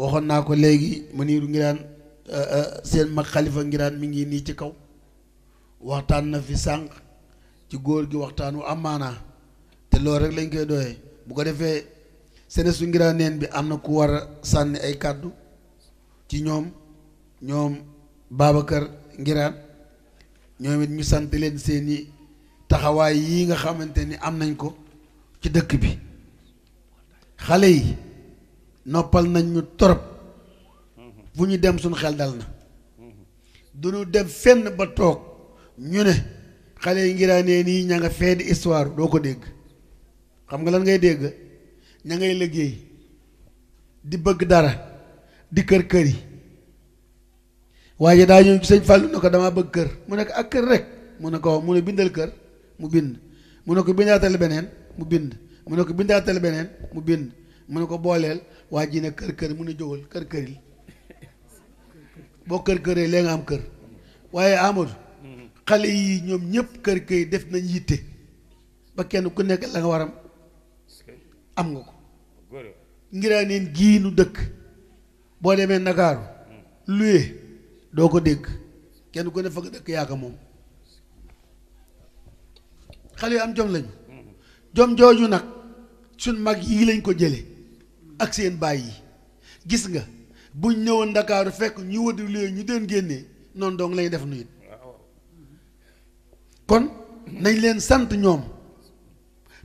waxoon naa ko léegi Muniru Ngiraan euh, euh, seen mag xalifa Ngiraan mi ngi nii ci kaw waxtaan na fi sànq ci góor gi waxtaan wu amaanaa te loolu rek lañ koy doyee bu ko defee sene su Ngiraan neen bi am na ku war a sànni ay kàddu ci ñoom ñoom Babacar Ngiraan ñoom it ñu sant leen seeni taxawaay yi nga xamante ni am nañ ko ci dëkk bi xale yi nopal nañ ñu torop bu ñu dem suñu xel dal na ñu dem fenn ba toog ñu ne xale yi ngiraanee nii ña nga fee di histoire doo ko dégg xam nga lan ngay dégg ña ngay liggéey di bëgg dara di kër kër yi waaye daa ñëw sëñ fàllu ne ko dama bëgg kër mu ne ak ah, kër rek mu ne mu ne bindal kër mu bind mu ne ko bindaatal beneen mu bind mu ne ko bindaatal beneen mu bind mu ne ko booleel waa ji ne kër kër mu ne jógal kër këril boo kër këree lee nga am kër waaye Amadou xale yi ñoom ñëpp kër kër def nañ yitte ba kenn ku nekk la nga waram am nga ko ngiraaneen gii nu dëkk boo demee Ndakaaru luye doo ko dégg kenn ku ne fa dëkk yaa ko moom xale yu am jom lañu jom jooju nag suñ mag yi lañ ko jële ak seen baay yi gis nga buñ ñëwoon ndakaaru fekk ñu wëdd ñu doon génnee noonu dong lay def nuyu kon nañ leen sant ñoom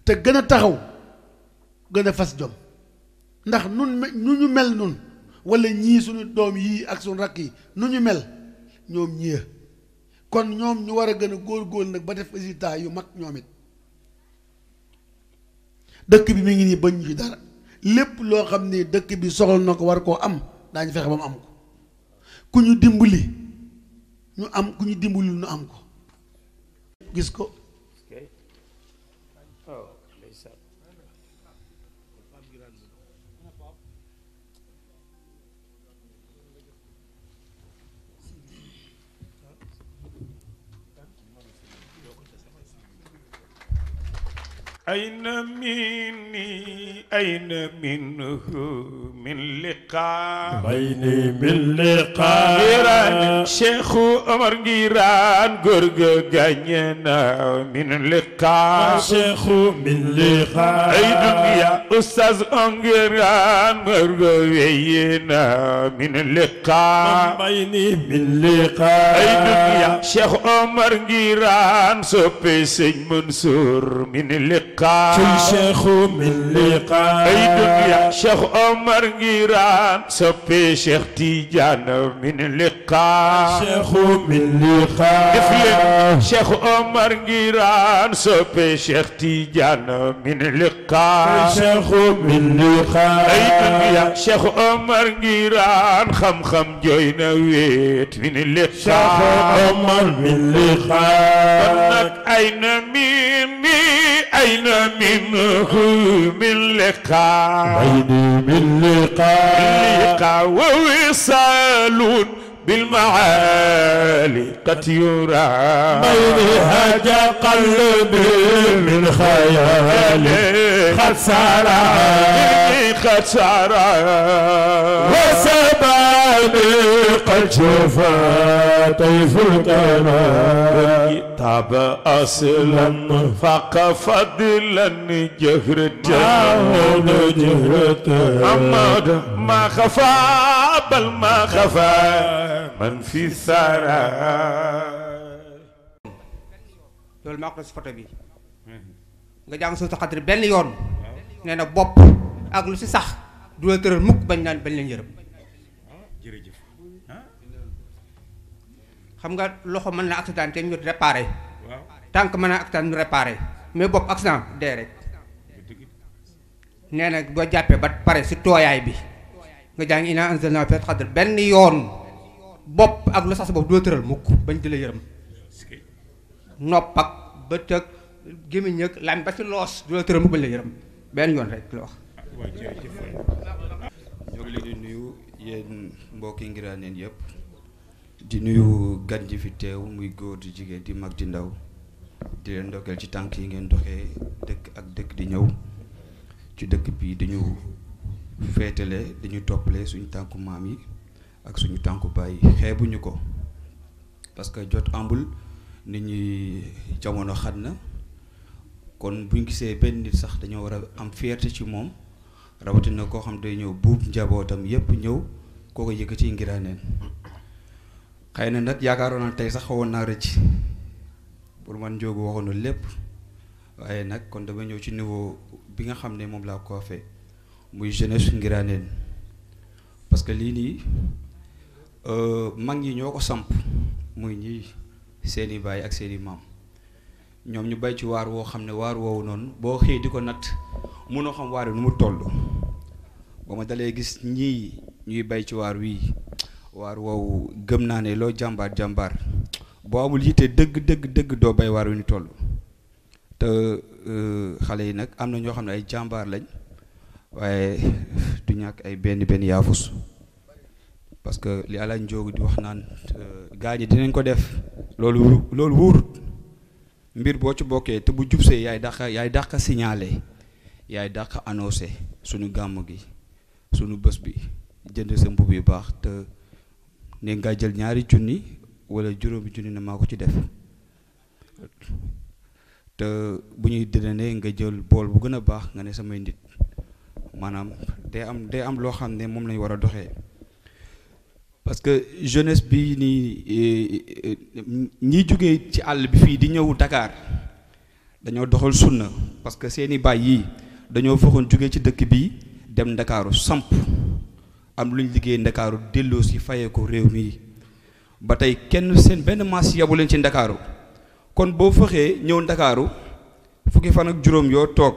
te gën a taxaw gën a fas jom ndax nun nu ñu mel nun wala ñii suñu doom yii ak suñu rakk yi nu ñu mel ñoom ñii kon ñoom ñu war a gën a góor-góor nag ba def résultat yu mag ñoom it dëkk bi mi ngi nii bañ ñu dara lépp loo xam ni dëkk bi soxal na ko war koo am daañu fexe ba mu am ko ku ñu dimbali ñu am ku ñu dimbali ñu am ko gis ko أين مني أين منه من لقاء بيني من لقاء جيران شيخ عمر جيران قرق جنينا من لقاء شيخ من لقاء أي دنيا أستاذ أنجران مرق وينا من لقاء بيني من لقاء أي دنيا شيخ عمر جيران سوبي سبي منصور من لقاء لقاء شيخ من لقاء اي دنيا شيخ عمر جيران سبي شيخ تيجان من لقاء شيخ من لقاء افلم شيخ عمر جيران سبي شيخ تيجان من لقاء شيخ من لقاء اي دنيا شيخ عمر جيران خم خم جوينا ويت من لقاء شيخ عمر من لقاء انك اين مين مين أين منه من لقاء أين من لقاء اللقاء لقاء ووصال بالمعالي قد يرى بين هجا قلبي من خيالي خسارة خسارة وسبب الباب قد شفى طيف الكمال تاب اصلا فاق فضلا جهر جهر محمد ما خفى بل ما خفى من في الثرى loolu maa ko nga jàng suuf xadri benn yoon nee na ak lu sax mukk bañ xam nga loxo mën na accident te ñu réparé. tànk mën na accident ñu réparé mais bopp accident dee rek. nee na boo jàppee ba pare si tooyaay bi nga jàng ina anzalna fi xadr benn yoon bopp ak lu sax sa bopp doo tëral mukk bañ di la yërëm nopp ak bët ak gémmiñ ak lam ba ci loos du la tëral mukk bañ la yërëm benn yoon rek la wax. Ah, ngi di nuyu gan fi teew muy góor di jigéen di mag di ndaw di leen ndokkeel ci tànk yi ngeen doxee dëkk ak dëkk di ñëw ci dëkk bii dañu feetale dañu toppale suñu tànku maam yi ak suñu tànku baay yi xeebuñu ko parce que jot ambul ni ñi jamono xat na kon buñ gisee benn nit sax dañoo war a am fierté ci moom rawatina koo xam day ñëw buub njabootam yépp ñëw koo ko ci ngiraaneen xëy na nag yaakaaroon naa tey sax xawoon naa rëcc pour man njóogu waxoon lépp waaye nag kon dama ñëw ci niveau bi nga xam ne moom laa ko fee muy jeunesse Nguiranene parce que lii nii euh, mag ñi ñoo ko samp muy ñi seeni baay ak seeni maam ñoom ñu bay ci waar woo xam ne waar woowu noonu boo xëy di ko natt mënoo xam waar wi nu mu toll ba ma dalee gis ñii ñuy bay ci waar wii waar woowu gëm naa ne loo jàmbaar jàmbaar boo amul yitte dëgg dëgg dëgg doo bay waar wi ñu toll te euh, xale yi nag am na ñoo xam ne ay jàmbaar lañ waaye du ñàkk ay benn benn yaafus parce que li Alaaji Njoogu di wax naan euh, gaa ñi dinañ ko def loolu loolu mbir boo ci bokkee te bu jubsee yaay dàq yaay dàq signalé yaay dàq annoncé suñu gàmm gi suñu bës bi jënd sa mbubb yu baax ne nga jël ñaari junni wala juróomi junni na maa ko ci def te bu ñuy dënane nga jël bool bu gën a baax nga ne samay nit maanaam day am day am loo xam ne moom lañu war a doxee parce que jeunesse bi nii e, e, ñi jógee ci àll bi fii di ñëw Dakar dañoo doxal sunna parce que seeni baay yii dañoo foxoon jógee ci dëkk bi dem Ndakaaru samp am lu ñu liggéey ndakaaru delloo si fayee ko réew mi ba tey kenn seen benn maas yabu leen ci ndakaaru kon boo fëxee ñëw ndakaaru fukki fan ak juróom yoo toog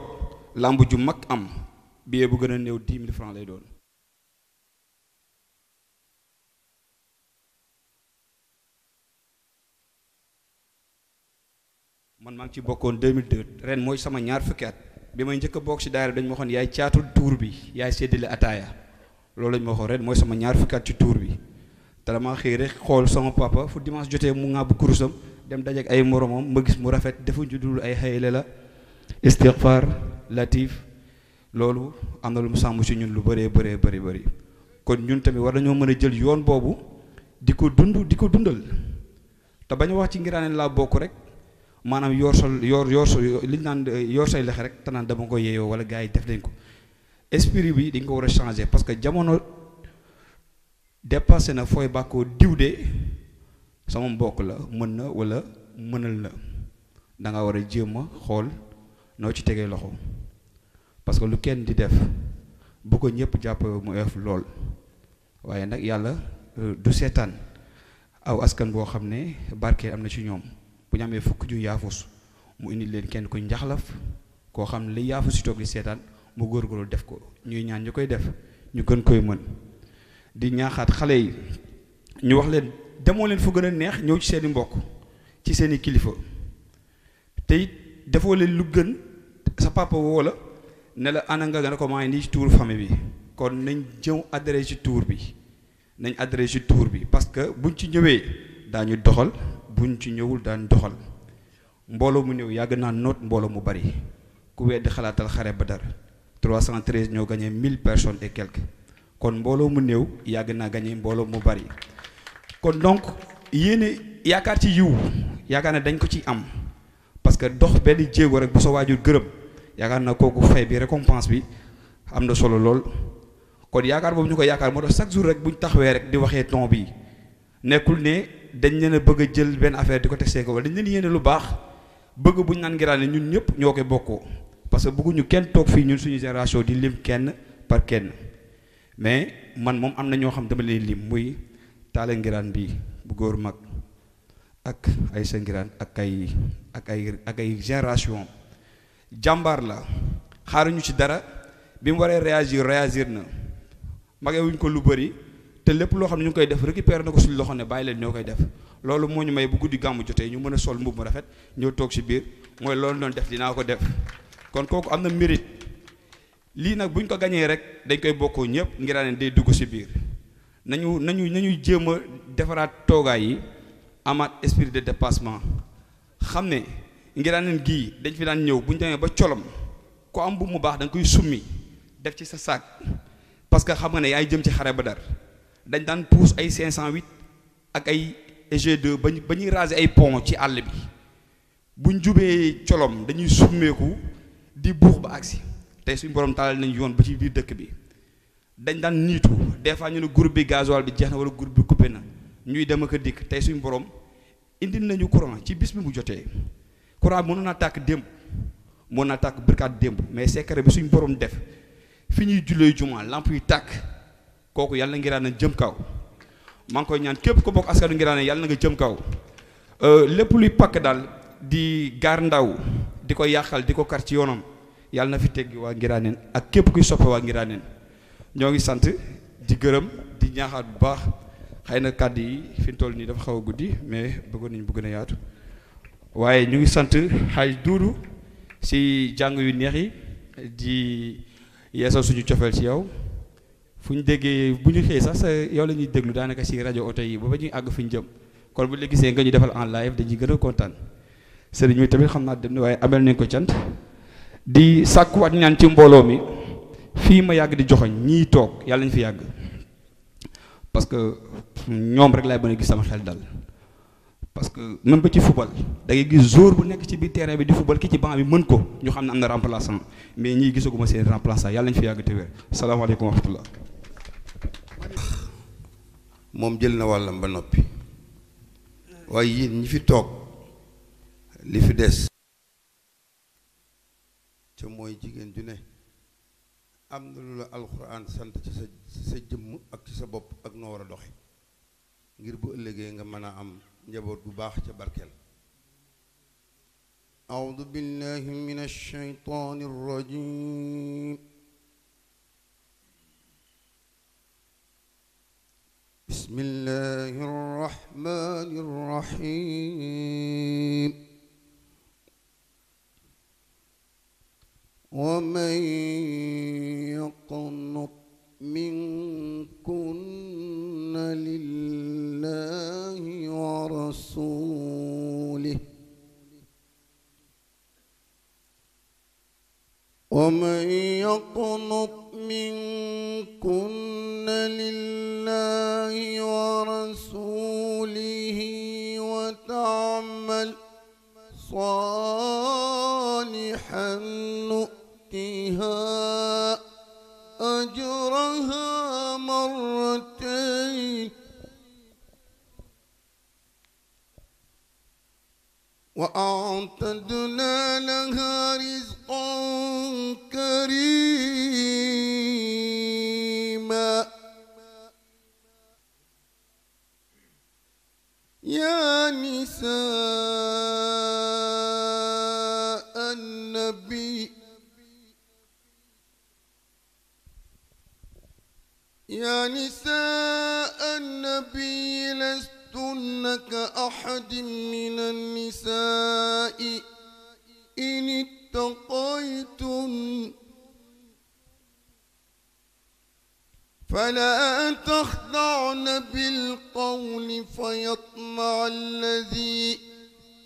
làmb ju mag am billet bu gën a néew dix mille francs lay doon man maa ci bokkoon 2002 ren mooy sama ñaar fukki at bi may njëkk bokk ci daara dañ ma waxoon yaay caatu tuur bi yaay séddale ataaya loolu mo ma moy sama ñaar fukki ci tour bi te dama xëy sama papa fu dimanche jotté mu ngab kurusam dem dajeeg ay moromam ma gis mu rafet defu ñu dul ay xayale la istighfar latif loolu amna lu mu sam ci ñun lu bëree bëree bëri bëri kon ñun tamit war nañu mëna jël yoon bobu diko dundu diko dundal te bañ wax ci ngiraane la bokku rek manam yor sol yor yor liñ nane yor say lex rek tanan dama ko yeyo wala gars def nañ ko esprit bi di nga wara changer parce que jamono dépassé na foy bako diw de sama mbokk la mën na wala mënal la da nga wara a jéem no ci tégué loxo parce que lu kenn di def bu ko ñëpp jàpp mu ef lool waye nak yalla euh, du sétane aw askan bo xamné barké amna ci ñom bu ñu amee fukk ju yaafus mu indi leen kenn ku ñaxlaf ko xam li yaafus ci tok li sétane mu góorgóorlu def ko ñuy ñaan ñu koy def ñu gën koy mën di ñaaxaat xale yi ñu wax leen demoo leen fu gën a neex ñëw ci seeni mbokk ci seeni kilifa tey it defoo leen lu gën sa papa woo la ne la ana nga recommandé nii ci tuur famille bi kon nañ jëw adhéré ci tuur bi nañ adhéré ci tuur bi parce que buñ ci ñëwee daañu doxal buñ ci ñëwul daañu doxal mbooloo mu ñëw yàgg naa noot mbooloo mu bari ku weddi xalaatal xare ba dara 313 ñoo gagné 1000 personnes et quelques kon mbolo mu new yàgg naa gagné mbolo mu bari kon donc yene yaakaar ci yiw yaakaar ne dañ ko ci am parce que dox ben jéego rek bu so wajur gërëm yaakaar na kooku fay bi récompense bi am na solo lol kon yaakaar boobu ñu ko yaakaar moo tax chaque jour rek buñ taxwé rek di waxé ton bi nekul né dañ leena bëgg jël ben affaire di ko teg ko wala dañ leen yéene lu bax bëgg buñ nan naan ñun ñëpp ñokay bokko parce que bëgguñu kenn toog fii ñun suñu génération di lim kenn par kenn mais man moom am na ñoo xam dama leen lim muy taale ngiraan bi bu góor mag ak ay sa ngiraan ak ay ak ay ak ay génération jàmbaar la xaaruñu ci dara bi mu waree réagir réagir na magee wuñ ko lu bëri te lépp loo xam ne ñu ngi koy def récupéré na ko suñu loxo ne bàyyi leen ñoo koy def loolu moo ñu may bu guddi gàmmu jotee ñu mën a sol mbubb mu rafet ñëw toog ci biir mooy loolu doon def dinaa ko def kon kooku am na mérite lii nag buñ ko gañee rek dañ koy bokkoo ñëpp ngir ne day dugg si biir nañu nañu nañu jéem a defaraat toogaay yi amaat esprit de dépassement xam ne ngiraaneen gii dañ fi daan ñëw buñ ñu ba colom ku am bu mu baax danga koy summi def ci sa saak parce que xam nga ne yaay jëm ci xare ba dar dañ daan puus ay cinq cent 508 ak ay g ba ñu ba ñuy raser ay pont ci àll bi buñ jubee colom dañuy summeeku. di buux ba agsi tey suñu borom taalal nañ yoon ba ci biir dëkk bi dañ daan niitu des fois ñu ne groupe bi gasoil bi jeex na wala groupe bi coupé na ñuy dem ak dikk tey suñu borom indi nañu courant ci bis bi mu jotee courant mënoon naa takk démb mën naa takk bërkaat démb mais secret bi suñu boroom def fi ñuy jullee jumaa lamp yi tàkk kooku yàlla ngiraan na jëm kaw maa ngi koy ñaan képp ko bokk askanu ngiraan yàlla na nga jëm kaw euh, lépp luy pakk daal di gaar ndaw di ko yàqal di ko kar ci yoonam yàlla na fi teggi waa Ngiraaneen ak képp kuy soppe waa Ngiraaneen ñoo ngi sant di gërëm di ñaaxaat bu baax xëy na kàddu yi fi mu toll nii dafa xaw a guddi mais bëggoon nañu bu na yaatu waaye ñu ngi sant xaaj duudu si jàng yu neex yi di yeesal suñu cofeel ci yow fu ñu déggee bu ñu xëyee sax sa yow la ñuy déglu daanaka si rajo oto yi ba ba ñuy àgg fu ñu jëm kon bu la gisee nga ñu defal en live dañuy gën a kontaan. sëriñ bi tamit xam naa dem ni waaye amel nañ ko cant di sàkkuwaat ñan ci mbooloo mi fii ma yàgg di joxoñ ñii toog yàlla ñu fi yàgg parce que ñoom rek laay mën a gis sama xel dal parce que même ba ci football da ngay gis jour bu nekk ci biir terrain bi di football ki ci banc bi mën ko ñu xam ne am na remplaçant mais ñii gisaguma seen remplaçant yàlla ñu fi yàgg te wér salaamaaleykum wa rahmatullah moom jël na wàllam ba noppi waaye yéen ñi fi toog li fi des ca mooy jigéen ju ne am na lu la alxuraan sant ci sa sa jëmm ak ci sa bopp ak noo war a doxe ngir bu ëllëgee nga mën a am njaboot bu baax ca barkeel أعوذ بالله من الشيطان الرجيم بسم الله الرحمن الرحيم ومن يقنط منكن لله ورسوله ومن يقنط منكن لله ورسوله وتعمل صالحا نؤمن يؤتيها أجرها مرتين وأعتدنا لها رزقا كريما يا نساء يا نساء النبي لستن كأحد من النساء إن اتقيتن فلا تخضعن بالقول فيطمع الذي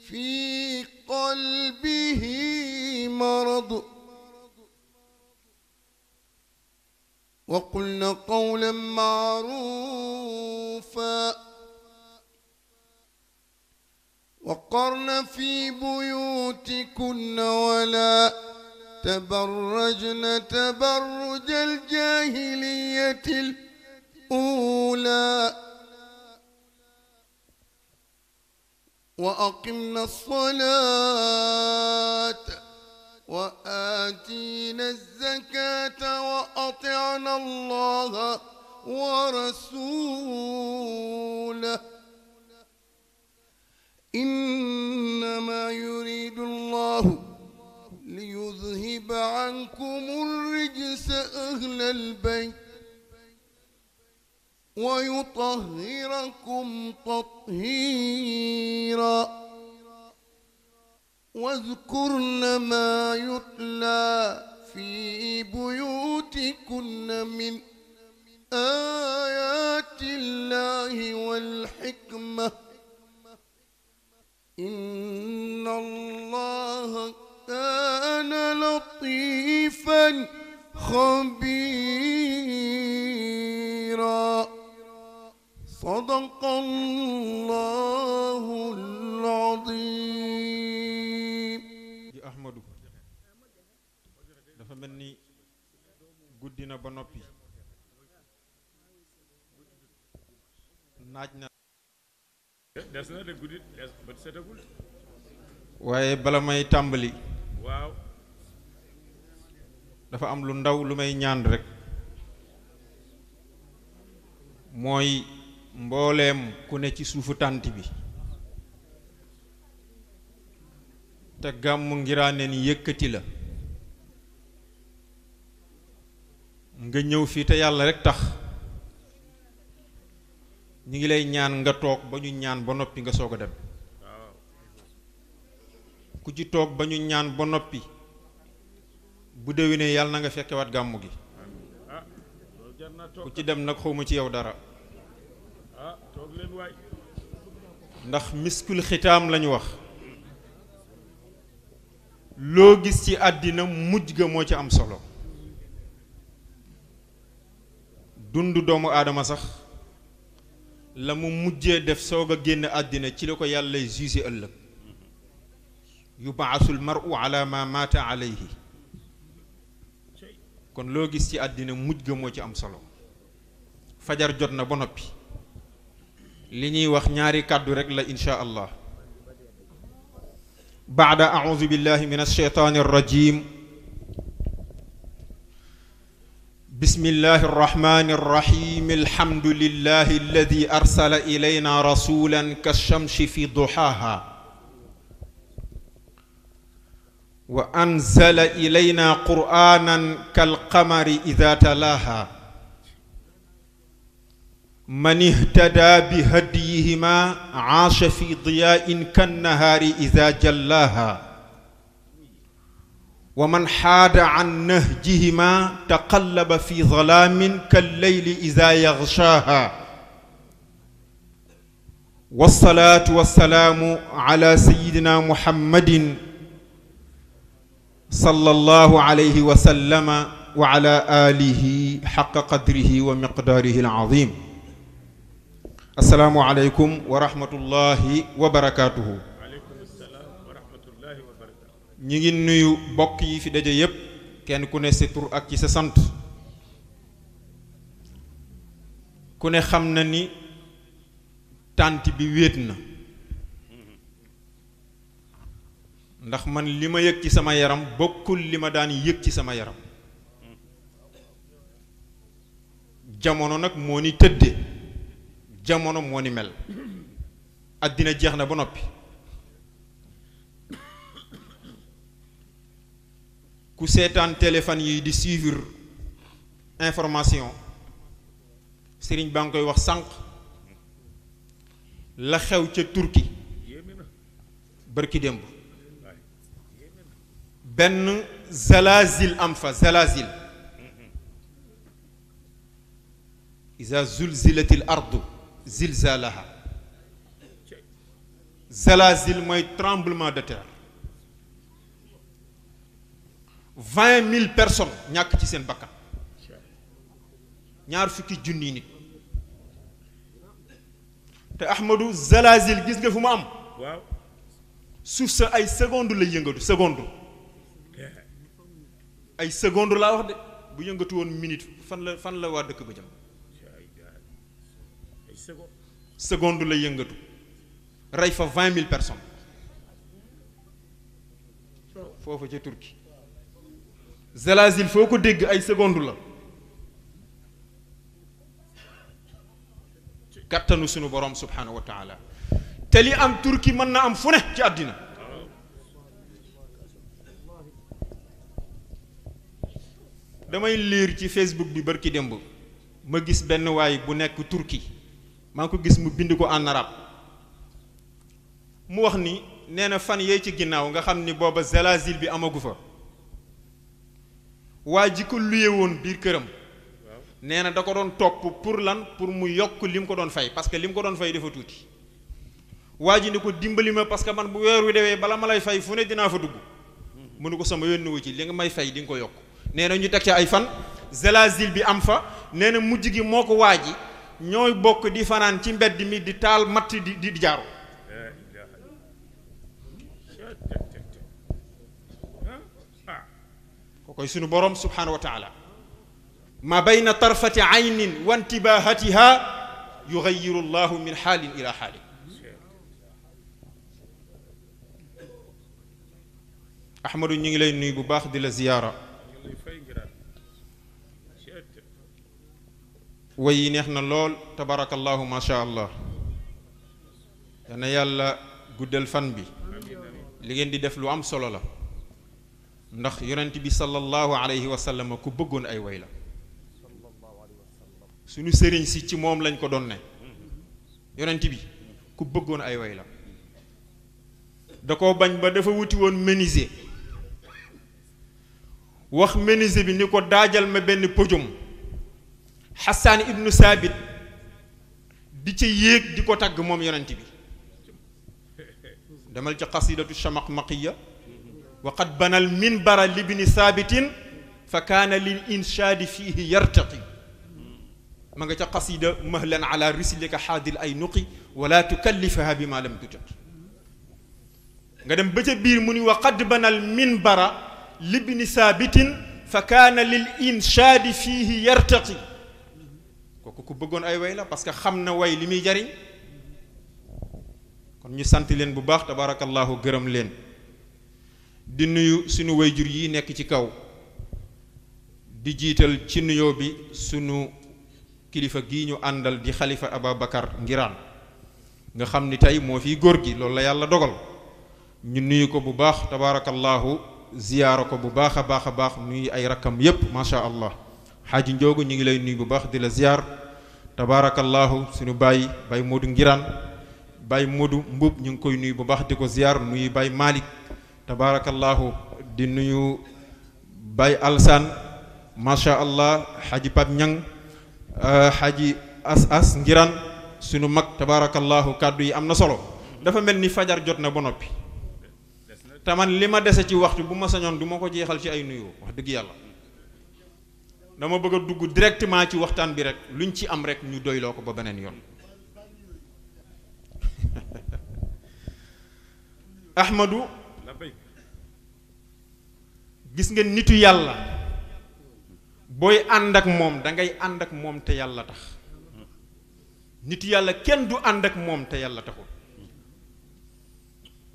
في قلبه مرض وقلنا قولا معروفا وقرن في بيوتكن ولا تبرجن تبرج الجاهلية الأولى وأقمنا الصلاة وآتينا الزكاة وأطعنا الله ورسوله إنما يريد الله ليذهب عنكم الرجس أهل البيت ويطهركم تطهيراً واذكرن ما يتلى في بيوتكن من آيات الله والحكمة إن الله كان لطيفا خبيرا صدق الله العظيم ba noppi naaj waaye bala may tàmbali waaw dafa am lu ndaw lu may ñaan rek mooy mbooleem ku ne ci suufu tànt bi te gàmm ngiraane ni la nga ñëw fii te yàlla rek tax ñu ngi lay ñaan nga toog ba ñu ñaan ba noppi nga soog a dem ku ci toog ba ñu ñaan ba noppi bu ne yàlla na nga fekkewaat gàmmu gi ku ci dem nag xawma ci yow dara ndax miskul xitaam lañu wax loo gis ci àddina mujj ga moo ci am solo dundu doomu aadama sax la mu mujjee def soog a génn àddina ci la ko yàlla jugé ëllëg yubaasul maru ala ma mata alayhi kon loo gis ci àddina mujj ga moo ci am solo fajar jot na ba noppi li ñuy wax ñaari kàddu rek la insha allah baada audu billahi min alsheytaani alrajim بسم الله الرحمن الرحيم الحمد لله الذي أرسل إلينا رسولا كالشمس في ضحاها وأنزل إلينا قرآنا كالقمر إذا تلاها من اهتدى بهديهما عاش في ضياء كالنهار إذا جلاها ومن حاد عن نهجهما تقلب في ظلام كالليل إذا يغشاها والصلاة والسلام على سيدنا محمد صلى الله عليه وسلم وعلى آله حق قدره ومقداره العظيم السلام عليكم ورحمة الله وبركاته ñi ngi nuyu bokk yi fi daje yépp kenn ku ne sa tur ak ci sa sant ku ne xam na ni tànt bi wéet na ndax man li ma yëg ci sama yaram bokkul li ma daan yëg ci sama yaram jamono nag moo ni tëdde jamono moo ni mel àddina jeex na ba noppi ku êtes téléphone yi di suivre information serigne Bang koy wax sank la xew ci turki barki démb ben zalazil am zalazil iza zulzilatil ardu zilzalaha zalazil moy tremblement de terre 20 000 personnes ñak ci sen bakkan ñaar fukki te Ahmadou Zalazil gis nga fuma am. waaw suuf ay seconde la yëngatu seconde. ay seconde la wax de bu minute fan la fan la Il dëkk seconde la Ray fa personnes. fofu Turquie. zalazil foo ko dégg ay seconde la kattanu sunu borom subhanahu wa taala te li am turki mën na am fu ne ci àddina damay liir ci facebook bi barki démb ma gis benn waay bu nekk turki maa ngi ko gis mu bind ko en arabe mu wax ni nee na fan yee ci ginnaaw nga xam ni booba zalazil bi amagu fa waa ji ko luye woon biir këram nee na da ko doon topp pour lan pour mu yokk li mu ko doon fay parce que li mu ko doon fay dafa tuuti waa ji ne ko dimbali ma parce que man bu weer wi dewee bala ma lay fay fu ne dinaa fa dugg mu ne ko sama yónni wu ci li nga may fay di nga ko yokk nee na ñu teg ci ay fan zelazil bi am fa nee na mujj gi moo ko waa ji ñooy bokk di fanaan ci mbedd mi di taal matt di di jaaru وكي سنو سبحانه وتعالى ما بين طرفة عين وانتباهتها يغير الله من حال إلى حال أحمد نيلي نيبو باخ دي لزيارة وي نيخنا لول تبارك الله ما شاء الله انا يالا غودل فان بي لي غين دي ديف لو ام سولو لا ndax yonent bi sallallahu alayhi wa sallam ku bëggoon ay way la suñu sëriñ si ci moom lañ ko doon ne yonent bi ku bëggoon ay way la da ko bañ ba dafa wuti woon menuisier wax menuisier bi ni ko daajal ma benn pojum xasaan ibnu saabit di ca yéeg di ko tagg moom yonent bi demal ci qasidatu chamaqmaqiya وقد بنى المنبر لابن ثابت فكان للإنشاد فيه يرتقي ما جاء قصيدة مهلا على رسلك حاد الأينقي ولا تكلفها بما لم تجد قدم بتبير مني وقد بنى المنبر لابن ثابت فكان للإنشاد فيه يرتقي كوكو بغون bëggoon ay way la parce que xam na way li muy jariñ لين ñu sant leen bu baax di nuyu sunu wayjur yi nekk ci kaw di jiital ci nuyo bi sunu kilifa gii ñu àndal di xalifa Ababacar Ngiraan nga xam ni tey moo fi góor gi loolu la yàlla dogal ñu nuyu ko bu baax tabaarakallaahu ziyaara ko bu baax a baax a baax nuyu ay rakkam yépp macha allah xaaji njoogu ñu ngi lay nuyu bu baax di la ziyaar tabaarakallaahu suñu baay bay Modou Ngiraan bay Modou Mbub ñu ngi koy nuyu bu baax di ko ziyaar nuyu baay Malick tabaarakallaahu di nuyu Baye Alsaan macha allah xaji Pap Ñang xaji euh, As As Ngiran sunu mag tabaarakallaahu kàddu yi am na solo dafa mel ni fajar jot na ba noppi te man li ma dese ci waxtu bu ma sañoon du ma ko jeexal ci ay nuyoo wax dëgg yàlla dama bëgg a dugg directement ci waxtaan bi rek luñ ci am rek ñu doyloo ko ba beneen yoon. Ahmadou. gis nga nitu yàlla booy ànd ak moom dangay ànd ak moom te yàlla tax nitu yàlla kenn du ànd ak moom te yàlla taxul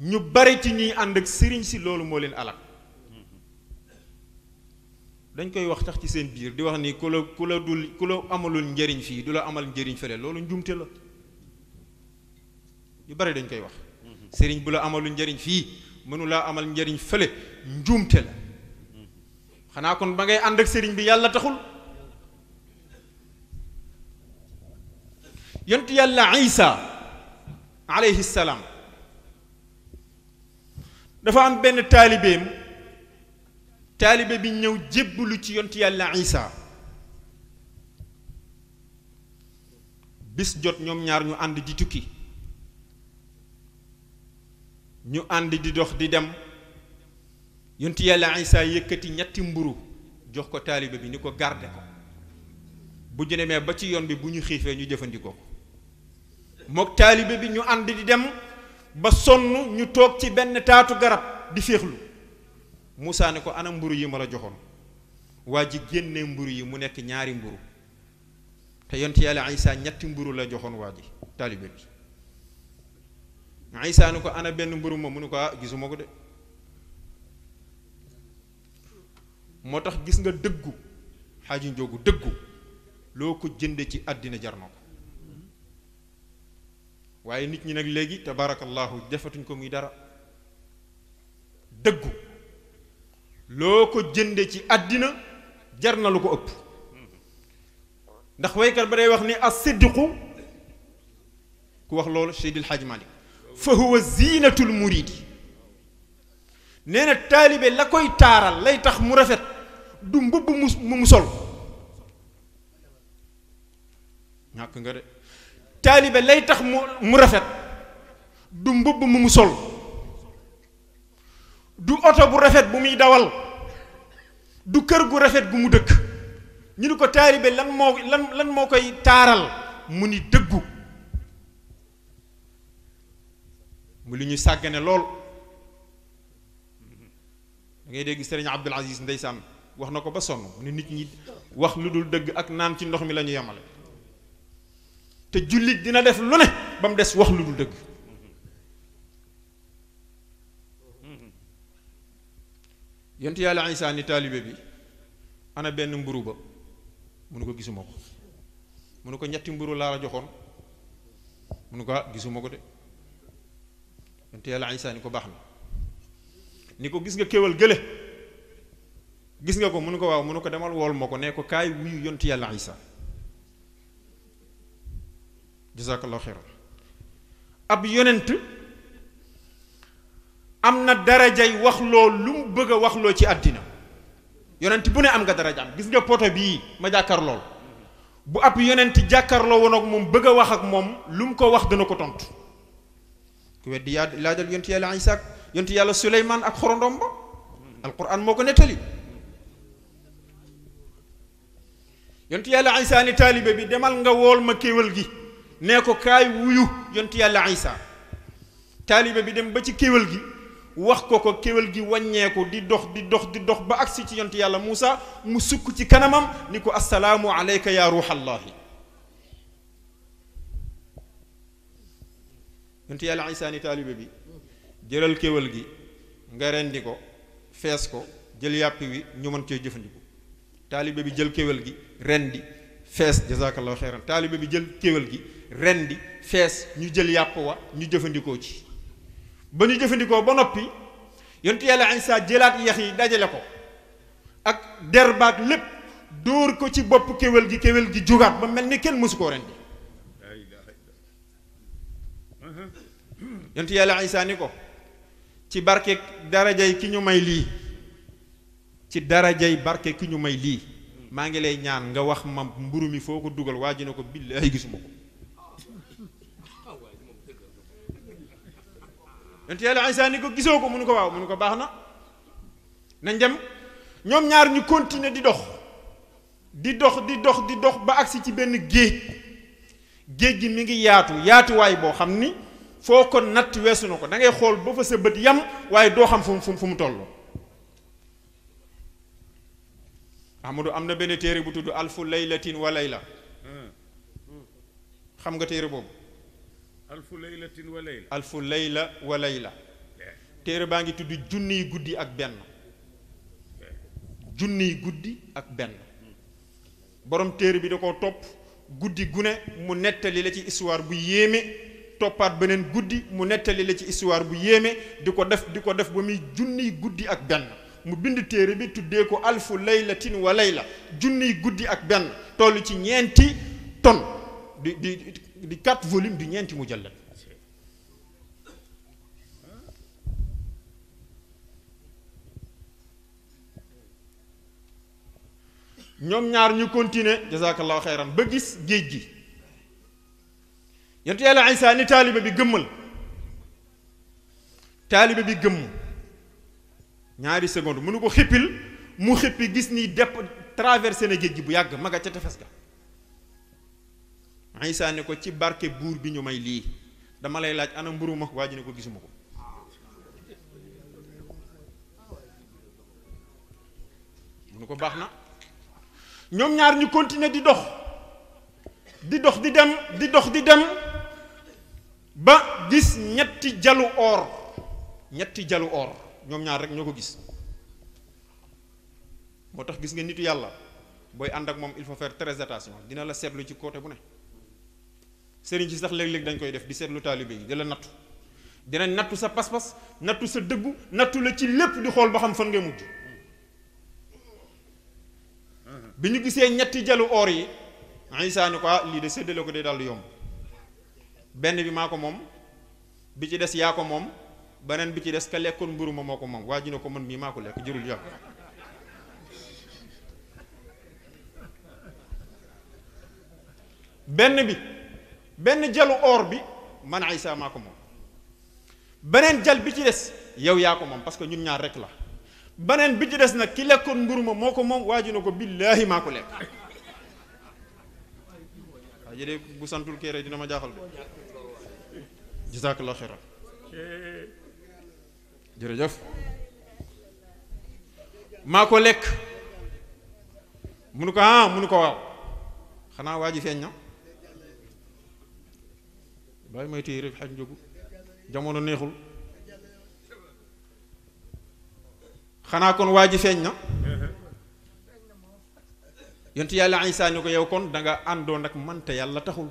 ñu bari ci ñuy ànd ak sëriñ si loolu moo leen alal dañ koy wax tax ci seen biir di wax ni ku la ku la dul ku la amalul njëriñ fii du la amal njëriñ fële loolu njumte la ñu bari dañ koy wax mm-hmm. sëriñ bu la amalul njëriñ fii منو لا عمل نجرين فلة نجوم تلا خنا أكون بعدي عندك سرير بيا الله تقول ينت يا عيسى عليه السلام دفع عن بين تالبين تالب بين يو جبل ينت يا الله عيسى بس جوت نيوم نيار نيو عند جيتوكي ñu ànd di dox di dem yontu yàlla Isaa yëkkati ñetti mburu jox ko taalibe bi ni ko garde ko bu ñu demee ba ci yoon bi bu ñu xiifee ñu jëfandikoo ko mook taalibe bi ñu ànd di dem ba sonn ñu toog ci benn taatu garab di féexlu Moussa ne ko ana mburu yi ma la joxoon waa ji génnee mburu yi mu nekk ñaari mburu te yontu yàlla Isaa ñetti mburu la joxoon waa ji taalibe bi Isaa ni ko ana benn mburu ma mu ne ko ah gisuma ko de moo tax gis nga dëggu xaaju njoogu dëggu loo ko jënde ci àddina jar na ko waaye nit ñi nag léegi tabaarakallaahu defatuñ ko muy dara dëggu loo ko jënde ci àddina jar na lu ko ëpp ndax waykat ba day wax ni as siddiqu ku wax loolu Seydil Hadj Malick فهو زينة المريد نين التالب لا كوي تارال لا يتخ مرافت دو مبب مسول ناك نغا دي لا يتخ مرافت دو مبب مسول دو اوتو بو بومي دوال دو كير غو رافت بومو دك ني لان مو لان لان موكاي تارال موني دغو mu lu ñu sàggane lool da ngay dégg sëriñ Abdul Aziz ndeysaan wax na ko ba sonn mu ne nit ñi wax lu dul dëgg ak naan ci ndox mi la ñu te jullit dina def lu ne ba mu des wax lu dul dëgg yontu yàlla Isaa ni taalibe bi ana benn mburu ba mu ne ko gisuma ko mu ne ko ñetti mburu laa la joxoon mu ne ko ah, gisuma ko de yonte yàlla Isaa ni ko baax na ni ko gis nga kéwal gële gis nga ko mu ko waaw mu ne ko demal wool ma ko ne ko kaay wuyu yonte yàlla Isaa jazakallahu xeyran ab yonent am na darajay waxloo lu mu bëgg a waxloo ci àddina yonent bu ne am nga daraja am gis nga poto bii ma jàkkaarlool bu ab yonent jàkkaarloo woon ak moom bëgg a wax ak moom lu mu ko wax dana ko tontu ويدي يا لادل ينتي يا لعيسك ينتي القرآن موك نتالي ينتي يا نتالي ببي دمال نغا نيكو كاي ويو ينتي يا لعيسا تالي ببي دم بچي كي ولغي wax ko ko kewel gi wagneeku di dox di dox di dox ba aksi ci yonti yonent yàlla isaani taalibe bi jëlal kéwél gi nga rendi ko fees ko jël yàpp wi ñu mën cee jëfandikoo taalibe bi jël kéwal gi rendi fees jazakallahu xeyran bi jël kéwal gi rendi fees ñu jël yàpp wa ñu jëfandikoo ci ba ñu jëfandikoo ba noppi yonent yàlla isa jëlaat yax yi dajale ko ak derbaat lépp dóor ko ci bopp kéwél gi kéwél gi jugaat ba mel ni kenn mësu koo rendi yontu yàlla Isaa ni ko ci barke darajay ki ñu may lii ci darajay barke ki ñu may lii maa ngi lay ñaan nga wax ma mburu mi foo ko dugal waa ji ne ko billaahi gisuma ko yontu yàlla Isaa ni ko gisoo ko mu ne ko waaw mu ne ko baax na nañ dem ñoom ñaar ñu continuer di dox di dox di dox di dox ba agsi ci benn géej géej gi mi ngi yaatu yaatuwaay boo xam ni foo ko natt weesu na ko dangay xool ba fa sa bët yam waaye doo xam fu mu fu mu toll. Amadou am na benn téere bu tudd alfu laylatin wa layla hmm. xam nga téere boobu. alfu laylatin wa layla. alfu layla wa layla. téere baa ngi tudd yi guddi ak benn junniy guddi ak benn boroom téere bi da koo topp guddi gu ne mu nettali la ci histoire bu yéeme. toppaat beneen guddi mu nettali la ci histoire bu yéeme di ko def di ko def ba muy junniy guddi ak benn mu bind téere bi tuddee ko alfu laylatin wa layla junniy guddi ak benn toll ci ñeenti tonnes di di di quatre volumes di ñeenti mujallad ñoom ñaar ñu continuer jazakallahu xeyran ba gis géej gi yontu yàlla Isaa ni taalibe bi gëmmal taalibe bi gëmm ñaari seconde mënu ko xippil mu xippi gis ni depp traversé na géej bu yàgg maga ca tefes ga Isaa ne ko ci barke buur bi ñu may lii dama lay laaj ana mburu ma waa ji ne ko gisuma ko mu ne ko baax na ñoom ñaar ñu continuer di dox di dox di dem di dox di dem ba gis ñetti jalu or ñetti jalu or ñoom ñaar rek ñoo ko gis moo tax gis nga nit yàlla booy ànd ak moom il faut faire très attention dina la seetlu ci côté bu ne sëriñ si sax léeg-léeg dañ koy def di seetlu taalibe yi di la nattu dinañ nattu sa pas-pas nattu sa dëggu nattu la ci lépp di xool ba xam fan ngay mujj bi ñu gisee ñetti jalu or yi Isaa ni ko ah, lii de séddale ko dee daal di yomb benn bi maa ko moom bi ci des yaa ko moom beneen bi ci des ka lekkoon mburu ma moo ko moom waa ji ne ko man mii maa lekk jërul yow bi benn jalu bi man Aïssa maa ko moom beneen jal bi ci des yow yaa ko moom parce que ñun ñaar rek la beneen bi ci des nag ki lekkoon mburu ma moo ko moom waa ji ko billaahi maa ko lekk yédee bu santul dina ma jaaxal de jazakallah xeyran jërëjëf maa ko lekk munu ko ah munu ko waaw xanaa waa ji feeñ na bàyyi may téye rek xaj njógu jamono neexul xanaa kon waa ji feeñ na yontu yàlla Isaa ni ko yow kon danga àndoon ak man te yàlla taxul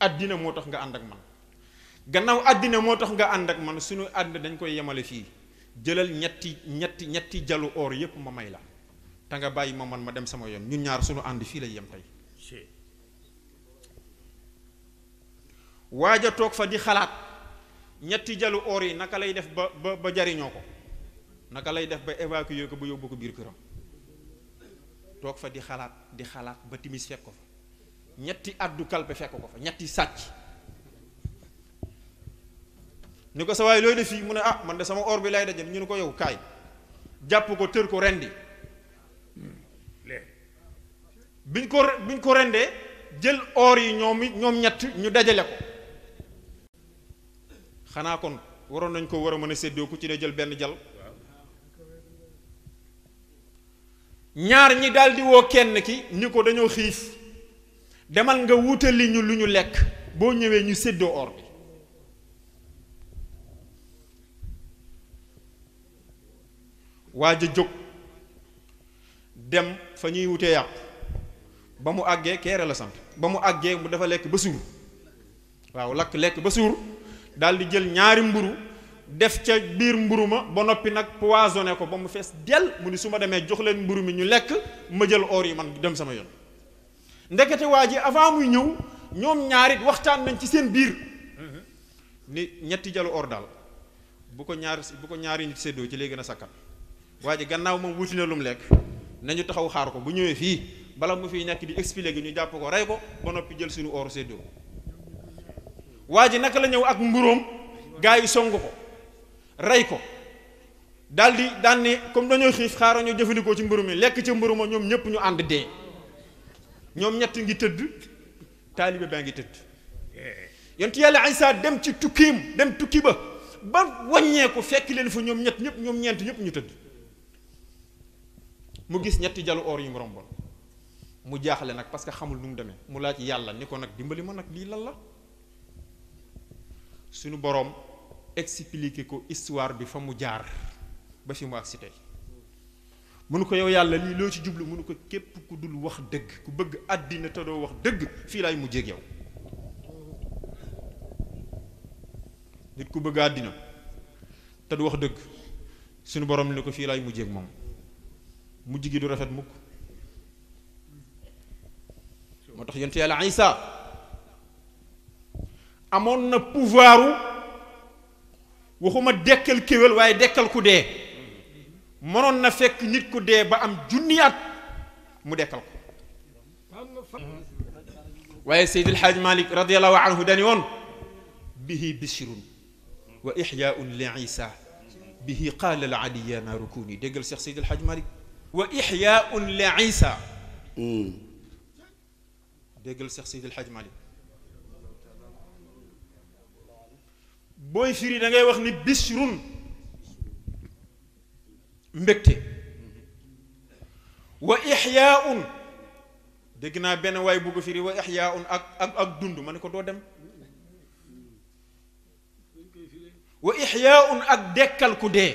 àddina moo tax nga ànd ak man gannaaw àddina moo tax nga ànd ak man suñu ànd dañ koy yemale fii jëlal ñetti ñetti ñetti jalu or yépp ma may la te nga bàyyi ma man ma dem sama yoon ñu ñaar suñu ànd fii lay yem tey waaja toog fa di xalaat ñetti jalu or yi naka lay def ba ba ba jariñoo ko naka lay def ba évacuer ko ba yóbbu ko biir këram toog fa di xalaat di xalaat ba timis fekk ko fa ñetti addu kalpe fekk ko fa ñetti sàcc ñu ko sa waay looy def fii mu ne ah man de sama or bi lay dajal ñu ne ko yow kaay jàpp ko tër ko rendi biñ ko biñ ko rendee jël or yi ñoom ñoom ñett ñu dajale ko xanaa kon waroon nañ ko war a mën a séddoo ku ci dee jël benn jal ñaar ñi daldi woo kenn ki ni ko dañoo xiif demal nga wutali ñu lu ñu lekk boo ñëwee ñu seddoo or bi waaj jóg dem fa ñuy wutee yàpp ba mu àggee kere la sant ba mu àggee mu dafa lekk ba suur waaw lakk lekk ba suur daldi jël ñaari mburu def ca biir mburu ma ba noppi nag poisonné ko ba mu fees dell mu ni su ma demee jox leen mburu mi ñu lekk ma jël or yi man dem sama yoon ndekete waa ji avant muy ñëw ñoom ñaarit waxtaan nañ ci seen biir ni ñetti jalu or daal bu ko ñaar bu ko ñaari nit séddoo ci lay na a sakkan waa ji gannaaw moom wuti na lu mu lekk nañu taxaw xaar ko bu ñëwee fii bala mu fiy nekk di expliquer gi ñu jàpp ko rey ko ba noppi jël suñu or séddoo waa ji naka la ñëw ak mburoom gaa yi song ko rey ko daal di daan comme dañoo xiif xaaral ñu jëfandikoo ci mburu mi lekk ci mburu ma ñoom ñëpp ñu ànd dee ñoom ñett ngi tëdd taalibe baa ngi tëdd yontu yàlla Isaa dem ci tukkiim dem tukki ba ba wàññeeku fekk leen fa ñoom ñett ñëpp ñoom ñeent ñëpp ñu tëdd mu gis ñetti jalu or yi mu romboon mu jaaxle nag parce que xamul nu mu demee mu laaj yàlla ni ko nag dimbali ma nag lii lan la suñu boroom expliquer ko histoire bi fa mu jaar ba fi mu agsi tey mënu ko yow yàlla lii loo ci jublu mënu ko képp ku dul wax dëgg ku bëgg àddina te doo wax dëgg fii laay mujjee ak yow nit ku bëgg àddina te du wax dëgg suñu borom ni ko fii laay mujjee ak moom mujj gi du rafet mukk moo tax yonent yàlla Isaa amoon na pouvoiru waxuma dekkal kéwél waaye dekkal ku dee mënoon na fekk nit ku dee ba am junni at mu dekkal ko waaye Seydi El Hadj Malick radiyallahu anhu dani woon bihi bishrun wa ixyaun li isa bihi qaala al aliya naaru kuuni déggal Cheikh Seydi El Hadj Malick wa ixyaun li isa déggal Cheikh Seydi El Hadj Malick boy firi da ngay wax ni bisrun mbekté wa ihya'un degna ben way waay firi wa ihya'un ak ak ak dund ma ne ko doo dem wa ihya'un ak dekkal ku de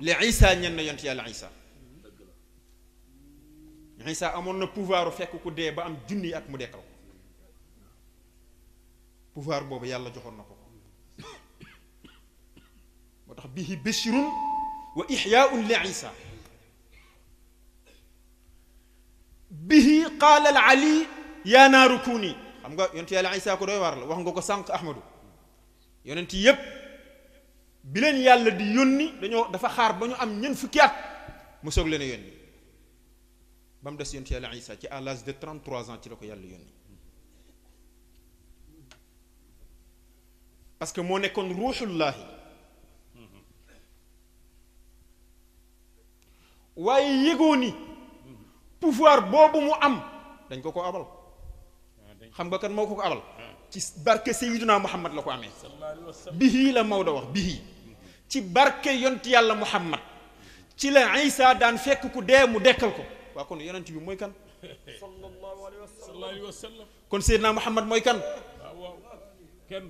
li isa ñen na yont yàlla isa isa amon na pouvoir fekk ku de ba am junni at mu dekkal pouvoir bobu yàlla joxon nako tax bihi bashirun wa ixyaaun li isa bihi qaala al ali yaa naaru kuuni xam nga yonent yàlla isa ko doy war la wax nga ko sànq ahmadu yonent yépp bi leen yàlla di yónni dañoo dafa xaar ba ñu am ñen fukki at mu soog leen a yónni ba mu des yonent yàlla isa ci à l'âge de 33 ans ci la ko yàlla yónni parce que moo nekkoon ruuxullahi waaye yëgoo ni boobu mu am dañ ko ko abal xam nga kan moo ko ko abal ci barke Seydina Muhammad la ko amee bihi la Maodo wax bihi ci barke yont yàlla Muhammad ci la Isa daan fekk ku dee mu dekkal ko waa kon yonent bi mooy kan sallallahu alayhi wa sallam kon Seydina Muhammad mooy kan ah, kenn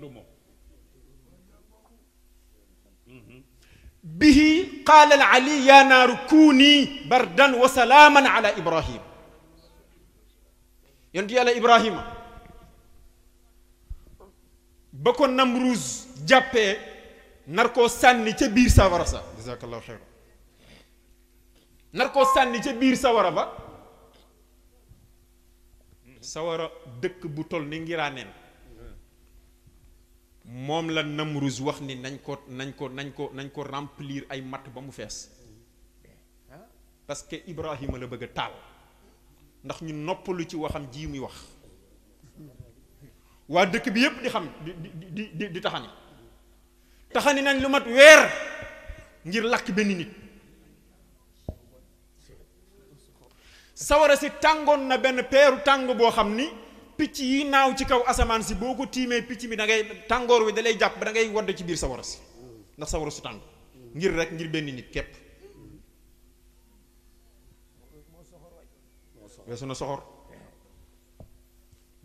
قال العلي يا نار كوني بردا وسلاما على إبراهيم يندي على إبراهيم بكون نمروز جابي نركو ساني تبير ساورسا جزاك الله خير نركو koo sànni ca biir sawara ba sawara dëkk bu tol ni moom la Namrus wax ni nañ ko nañ ko nañ ko nañ ko remplir ay matt ba mu fees parce que Ibrahima la bëgg a taal ndax ñu noppalu ci waxam ji muy wax waa dëkk bi yépp di xam di di di di taxani taxani nañ lu mat weer ngir lakk benn nit sawara si tàngoon na benn peeru tàng boo xam ni picc yi naw ci kaw asaman si boko timé tiimee bi da ngay tangor wi dalay japp da ngay wodd ci bir sawara si ndax sawara su tang ngir rek ngir ben nit kep wessu na soxor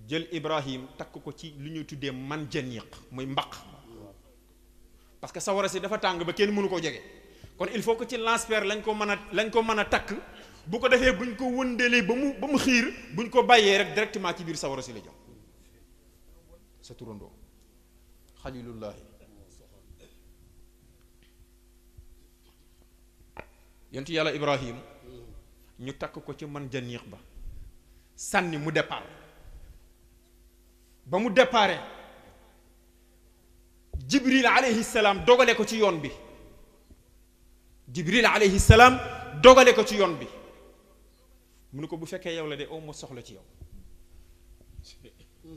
jël ibrahim takko ko ci li tuddé man janiq muy mbaq parce que sawara si dafa tang ba kenn mënu ko kon il faut que ci père lañ ko mëna lañ ko mëna tak bu ko defee buñ ko wëndelee ba mu ba mu xiir buñ ko bàyyee rek directement ci biir sawara si la jëm sa turandoo xalilullahi yent yàlla ibrahim ñu takk ko ci man janiix ba sànni mu départ ba mu dépare jibril alayhi salaam dogale ko ci yoon bi jibril alayhi salaam dogale ko ci yoon bi mu ko bu fekkee yow la de awma soxla ci yow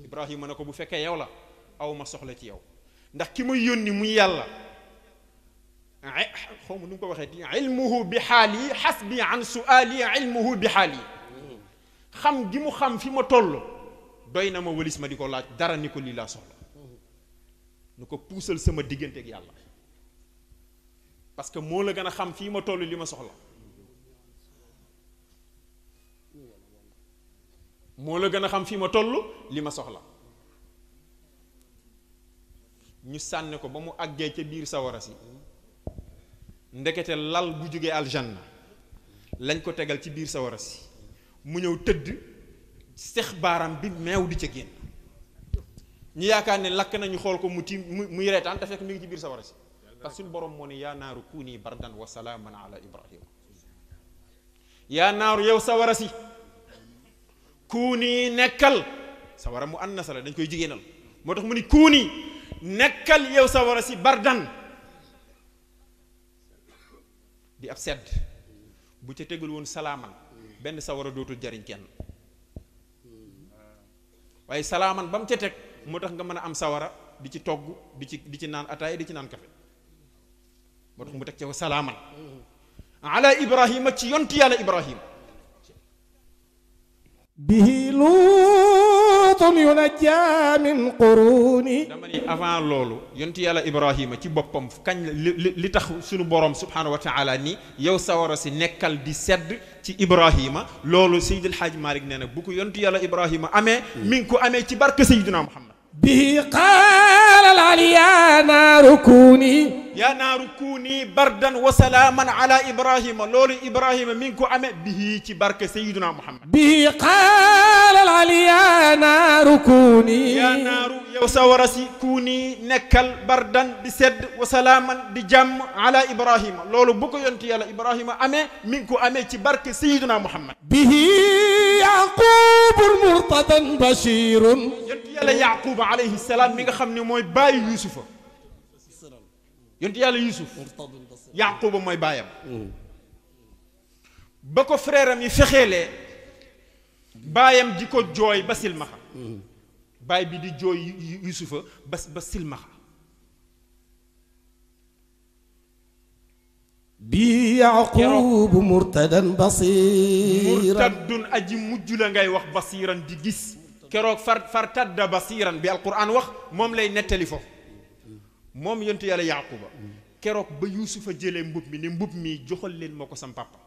ibrahim ne ko bu fekkee yow la awma soxla ci yow ndax ki ma yónni yàlla xaw nu ko waxe di ilmuhu bi xaali an suali ilmuhu bi xaali xam gi mu xam fi ma toll doyna ma walis ma diko laaj dara ni ko lii soxla nu ko sama diggante ak yàlla parce que mo la gëna xam fi ma toll li ma soxla moo la gën a xam fi ma toll li ma soxla ñu sànni ko ba mu àggee ca biir sawara si ndekete lal bu jógee aljanna lañ ko tegal ci biir sawara si mu ñëw tëdd sex baaram bi meew di ca génn ñu yaakaar ne lakk nañu xool ko mu ti muy reetaan te fekk mi ngi ci biir sawara si parce que suñu borom moo ne yaa naaru kuuni bardan wa salaaman ala ibrahima yaa naaru yow sawara si kuuni nekkal sawara mu annasa dañ koy jigéenal moo tax mu ni kuuni nekkal yow sawara si bardan di ab sedd bu ca tegul woon salaaman benn sawara dootul jariñ kenn waaye salaaman ba mu ca teg moo tax nga mën a am sawara di ci togg di ci di ci naan ataay di ci naan kafe moo tax mu teg ca salaaman ala ibrahima ci yonti yàlla ibrahima bihi luutun yunajjaa min quruuni dama ni avant loolu yontu yàlla ibrahima ci boppam kañ li li tax sunu borom subhaanahu wa taala ni yow sawara si nekkal di sedd ci ibrahima loolu seydil xaaj malik nee na bu ko yontu yàlla ibrahima amee mi ngi ko amee ci barke seydina muhammad به قال العلي يا نار كوني يا نار كوني بردا وسلاما على إبراهيم لول إبراهيم منكو أم به تبارك سيدنا محمد به قال العلي يا نار كوني يا نار يوسورسي كوني نكل بردا بسد وسلاما بجم على إبراهيم لول بكو ينتي يالا إبراهيم أم منكو أم تبارك سيدنا محمد به يعقوب المرتضى بشير ينتي يعقوب عليه السلام ميغا خامني موي باي يوسف يونت يالا يوسف يعقوب موي بايام باكو فريرام يفخيلي بايام ديكو جوي باسيل مخا باي بي دي جوي يوسف بس باسيل مخا بي يعقوب مرتدا بصيرا مرتد اجي مجلا غاي واخ بصيرا دي غيس keroog far far tadda basiran bi alquran wax moom lay nettali foofu moom yontu yàlla yaquba keroog ba yuusufa jëlee mbub mi ne mbub mi joxal leen ma ko sam papa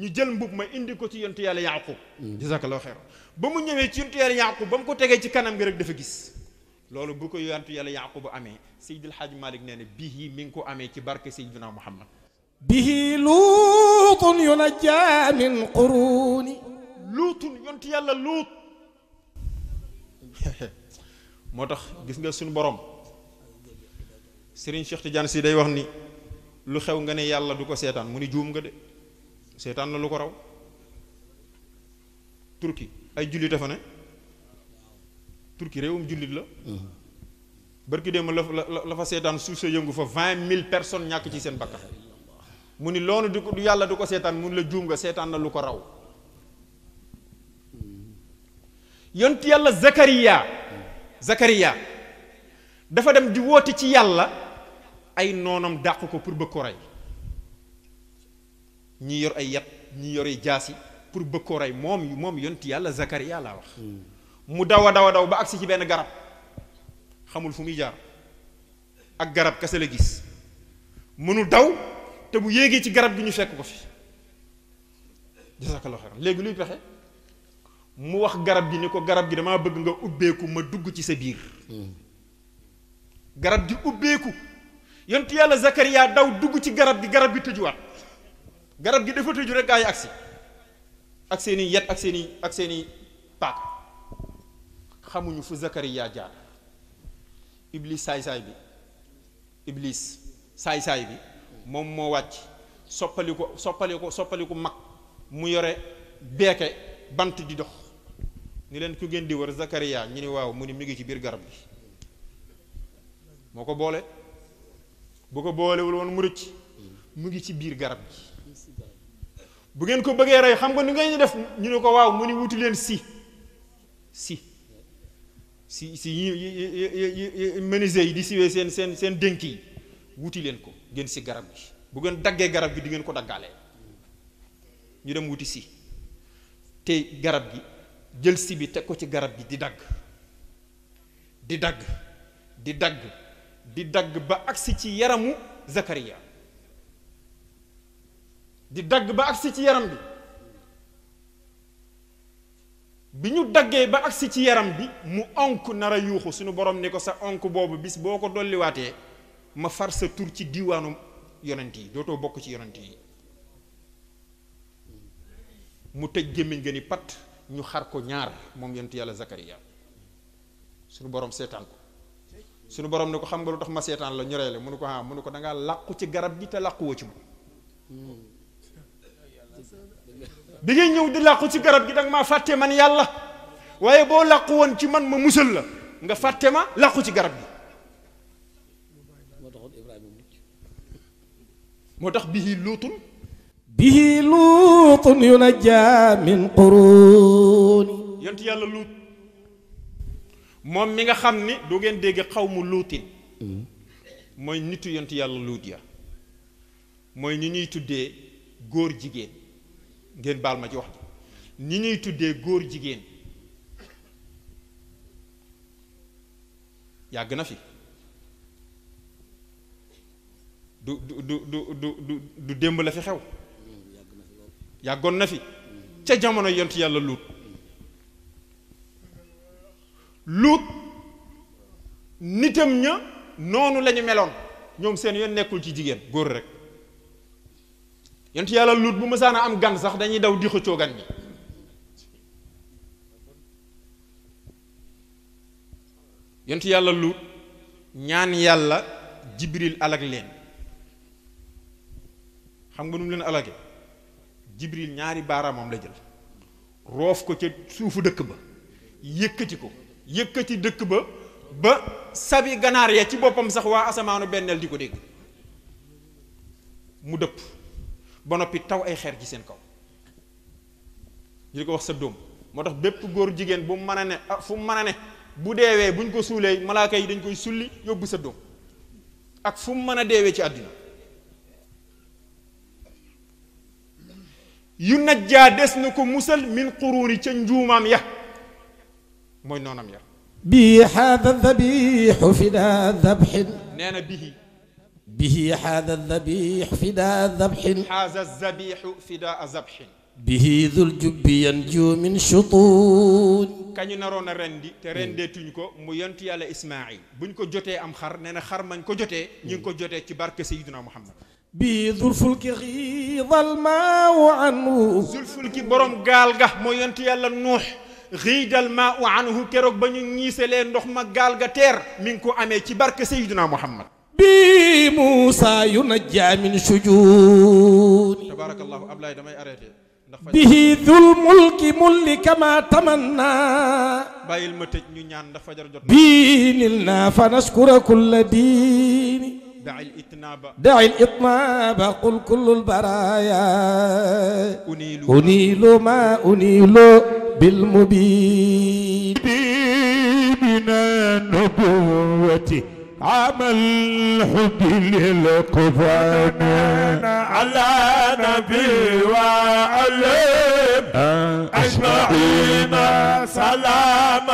ñu jël mbub ma indi ko ci yontu yàlla yaqub jazakallahu ba mu ñëwee ci yontu ba mu ko tegee ci kanam gi rek dafa gis loolu bu ko yontu yàlla yaquba amee seydil xaaj malik nee na bihi mi ngi ko amee ci barke seydina muhammad bihi luutun yunajja min quruni luutun yontu yàlla luut moo tax gis nga suñu borom Serigne Cheikh Tidiane si day wax ni lu xew nga ne yàlla du ko seetaan mu ni juum nga de seetaan na lu ko raw turki ay jullit fa ne turki réewum jullit la bërki démb la la fa seetaan suuf sa yëngu fa vingt mille personnes ñàkk ci seen bakkan mu ni loolu du ko yàlla du ko seetaan mu ni la juum nga seetaan na lu ko raw yont yàlla zakariya zakariya dafa dem di woote ci yàlla ay noonam dàq ko pour bëgg ko rey ñi yor ay yat ñi yore jaasi pour bëgg ko rey moom moom yont yàlla zakariya laa wax hmm. mu dawa dawa daw ba agsi ci benn garab xamul fu muy jaar ak garab kese la gis mënul daw te bu yéegee ci garab gi ñu fekk ko fi loxo xeyran léegi luy pexe mu wax garab gi ni ko garab gi damaa bëgg nga ubbeeku ma dugg ci sa biir garab gi ubbeeku yontu yàlla Zakaria daw dugg ci garab gi garab gi tëjuwaat garab gi dafa tëju rek gaa agsi ak seeni i yet ak seen i ak seen i xamuñu fu Zakaria jaar iblis saay-saay bi iblis saay-saay bi moom moo wàcc soppali ko soppali mag mu yore beeke bant di dox ni leen ku ngeen di war Zakaria ñu ni waaw mu ni mi ngi ci biir garab gi moo ko boole bu ko boolewul woon mu rëcc mu ngi ci biir garab gi bu ngeen ko bëggee rey xam nga ni ngeen def ñu ne ko waaw mu ni wuti leen si si si si yi menuisier yi di siwee seen seen seen dénk yi wuti leen ko ngeen si garab gi bu ngeen daggee garab gi di ngeen ko daggaalee ñu dem wuti si te garab gi jël si bi teg ko ci garab gi di dagg di dagg di dagg di dagg ba agsi ci yaramu Zakaria di dagg ba agsi ci yaram bi bi ñu daggee ba agsi ci yaram bi mu onk na a sunu borom ni ko sa onk boobu bis boo ko dolliwaatee ma far sa tur ci diiwaanu yonent yi dootoo bokk ci yonent yi mu tëj gémmiñ nga ni pat ñu xar ko ñaar moom yonent yàlla Zakariya suñu borom seetaan ko suñu borom ne ko xam nga lu tax ma seetaan la ñoree la mu ne ko ah mu ne ko dangaa làqu ci garab gi te làquwoo ci moom bi ngay ñëw di làqu ci garab gi danga ma fàtte man yàlla waaye boo làqu woon ci man ma musal la nga fàtte ma làqu ci garab gi moo tax bihi luutun bihi luutun yunajja min quruni yonent yàlla luut moom mi nga xam ni du ngeen dégg xaw mu luutin mooy nitu yonent yàlla luut ya mooy ñi ñuy tuddee góor jigéen ngeen baal ma ci wax ji ñuy tuddee góor jigéen yàgg na fi du du du du du du démb la fi xew yàggoon na fi ca jamono yont yàlla luut luut nitam ña noonu lañu meloon ñoom seen yoon nekkul ci jigéen góor rek yont yàlla luut bu mësaan a am gan sax dañuy daw di xëccoo gan gi yàlla luut ñaan yàlla jibril alag leen xam nga nu mu leen alage jibril ñaari baaraamam la jël roof ko ca suufu dëkk ba yëkkati ko yëkkati dëkk ba ba sabi ganaar ya ci boppam sax waa asamaanu benneel di ko dégg mu dëpp ba noppi taw ay xeer ci seen kaw ñu di ko wax sa doom moo tax bépp góor jigéen bu mën a ne ah, fu mën a ne bu deewee buñ ko suulee malaaka yi dañ koy sulli yóbbu sa doom ak fu mu mën a deewee ci àddina ينجا دسنكم مسل من قرور تنجومام يا موي نونام يا بي هذا الذبيح فدا ذبح نانا به به هذا الذبيح فدا ذبح هذا الذبيح فدا ذبح به ذو الجب ينجو من شطون كاني نارونا رندي تي رندي تونكو مو ينتو يالا اسماعيل بونكو جوتي ام خار نانا خار مانكو جوتي نينكو جوتي تي بارك سيدنا محمد بذلف الكغيظ الماء عنه زلف الكبرم قال قه مو ينتي على النوح غيد الماء عنه كروك بني نيس لين نخم قال قتير منكو أمي بارك سيدنا محمد بموسى ينجى من شجون تبارك الله أبلاي دمي أريد به ذو الملك ملك كما تمنى بين لنا فنشكر كل دين دع الإطناب دع الإطناب قل كل البرايا أنيل, أنيل ما أنيل بالمبين من نبوتي عمل الحب للقفان على نبي وعلم آه، أجمعين سلام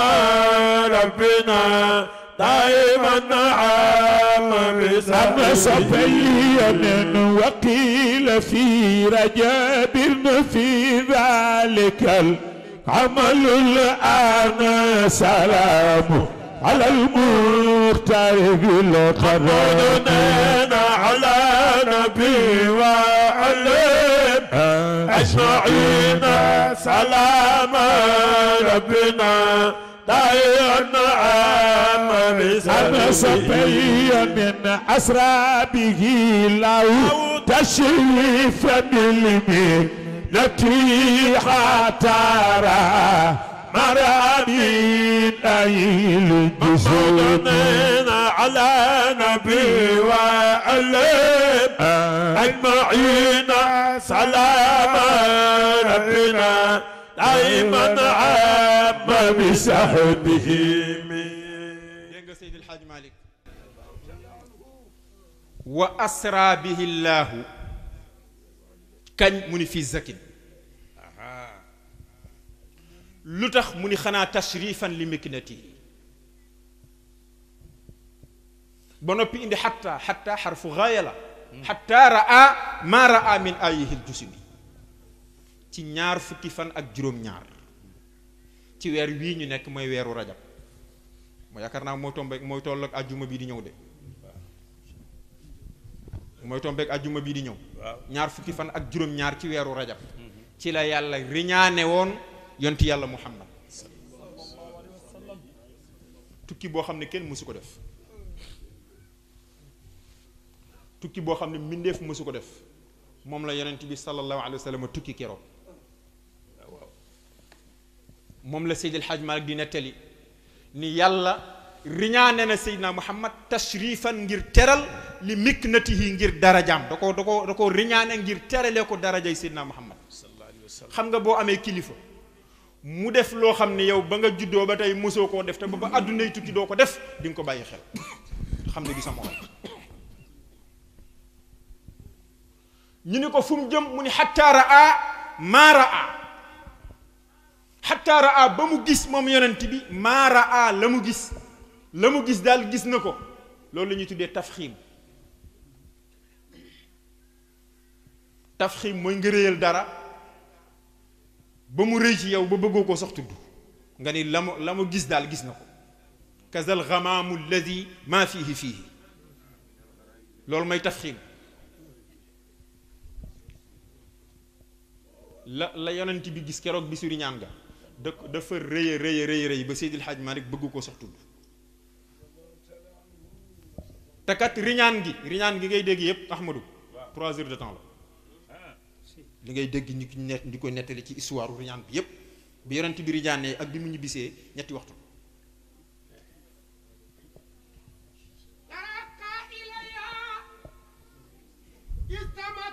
ربنا دائما عام بسم صفيا وقيل في رجب في ذلك العمل الآن سلام على المختار بالقرار على نبي وعلم آه. أجمعين سلام ربنا طير نعم أنا صفي من أسرابه لو تشريف بالمين التي حترى مرامين أيل جسود على نبي وعلم آه. أجمعين سلام ربنا دايما عام بسحبه دينغ سيد الحاج مالك وأسرى به الله كان من في زكين lu tax mu ni xanaa tashrifan li miknati ba noppi indi xatta xatta xarfu gaaya la xatta raa maa raa min ayihi ljusimi ci ñaar fukki fan ak juróom-ñaar ci weer wii ñu nekk mooy weeru rajab moo yaakaar naa mooy tombeek mooy tolloog ajjuma bii di ñëw de mooy tombeek ajjuma bii di ñëw ñaar fukki fan ak juróom-ñaar ci weeru rajab ci la yàlla riñaane woon yonti yàlla muhammad tukki boo xam ne kenn mësu ko def tukki boo xam ne mbindeef mësu ko def moom la yonent bi sallallahu alayhi wa sallam tukki keroog moom la Seydi El Hadj Malick di nettali ni yàlla riñaane na Seydina Muhammad tashrifan ngir teral li miknatihi ngir darajaam da ko da ko da ko riñaane ngir teralee ko darajay Seydina Muhammad xam nga boo amee kilifa mu def loo xam ne yow ba nga juddoo ba tey mosoo koo def te ba ba àdduna yi tukki doo ko def di nga ko bàyyi xel xam ne di sa morom ñu ni ko fu mu jëm mu ni xatta raa maa raa حتى راى بامو غيس موم يوننتي بي ما راى لامو غيس لامو غيس دال غيس نكو لول لا ني تودي تفخيم تفخيم موي غريال دارا بامو ري سي ياو با بغوكو سخ تود غاني لامو لامو غيس دال غيس نكو كذا الغمام الذي ما فيه فيه لول ماي تفخيم لا لا يوننتي بي غيس كروك بي سوري نيانغا da dafa rëy a rëy rëy rëy ba Seydil Hadj Malick bëgg ko sax tudd te riñaan gi riñaan gi ngay dégg yëpp Ahmadou trois heures de temps la li ngay dégg ñu ki net di ko nettali ci histoire riñaan bi yëpp bi yonent bi riñaanee ak bi mu ñu ñetti waxtu la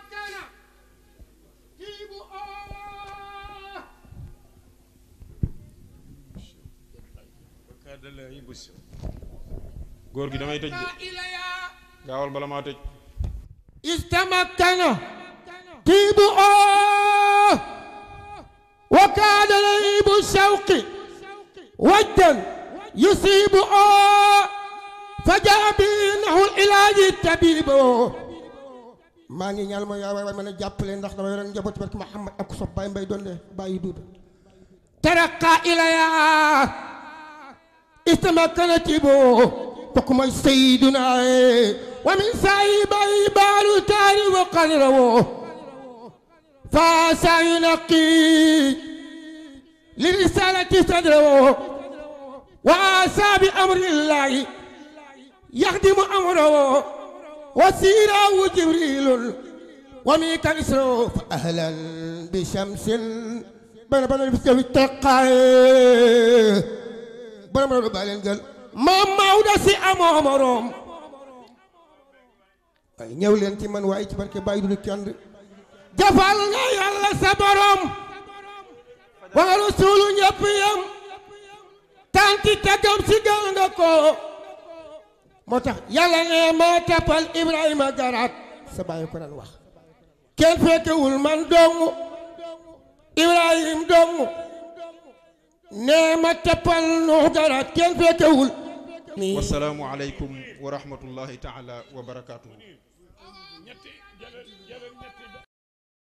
lay bus góor gi damay tëj de gaawal bala maa tëj istamakkana tiibu oo wa kaada laibu shawqi wajdan yusiibu oo fajaa bi naxul ilaaji tabiiboo maa ngi ñaan ma yaa waay ma ne jàppale ndax dama yoroon njaboot barke Muhammad ak sob bàyyi mbay doon de bàyyi duuba taraqa ilaya استمكنت به حكم سيدنا ومن سعيبه بال تار وقدره فاسع ينقي لرسالة صدره وآسى بأمر الله يخدم أمره وسيره جبريل وميك إسراف أهلا بشمس بل بل بل borom raw du bàyyi leen gël maam Maodo si amoo morom ñëw leen ci man waaye ci barke bàyyi du kenn jafal nga yàlla sa borom waa rasuulu ñëpp yam tanti tegam si gal nga ko moo tax yàlla ne ma tappal Ibrahima garaat sa bàyyi ko daan wax kenn fekkewul man dong Ibrahim dong نعمة تبل نهدرة كيف تقول والسلام عليكم ورحمة الله تعالى وبركاته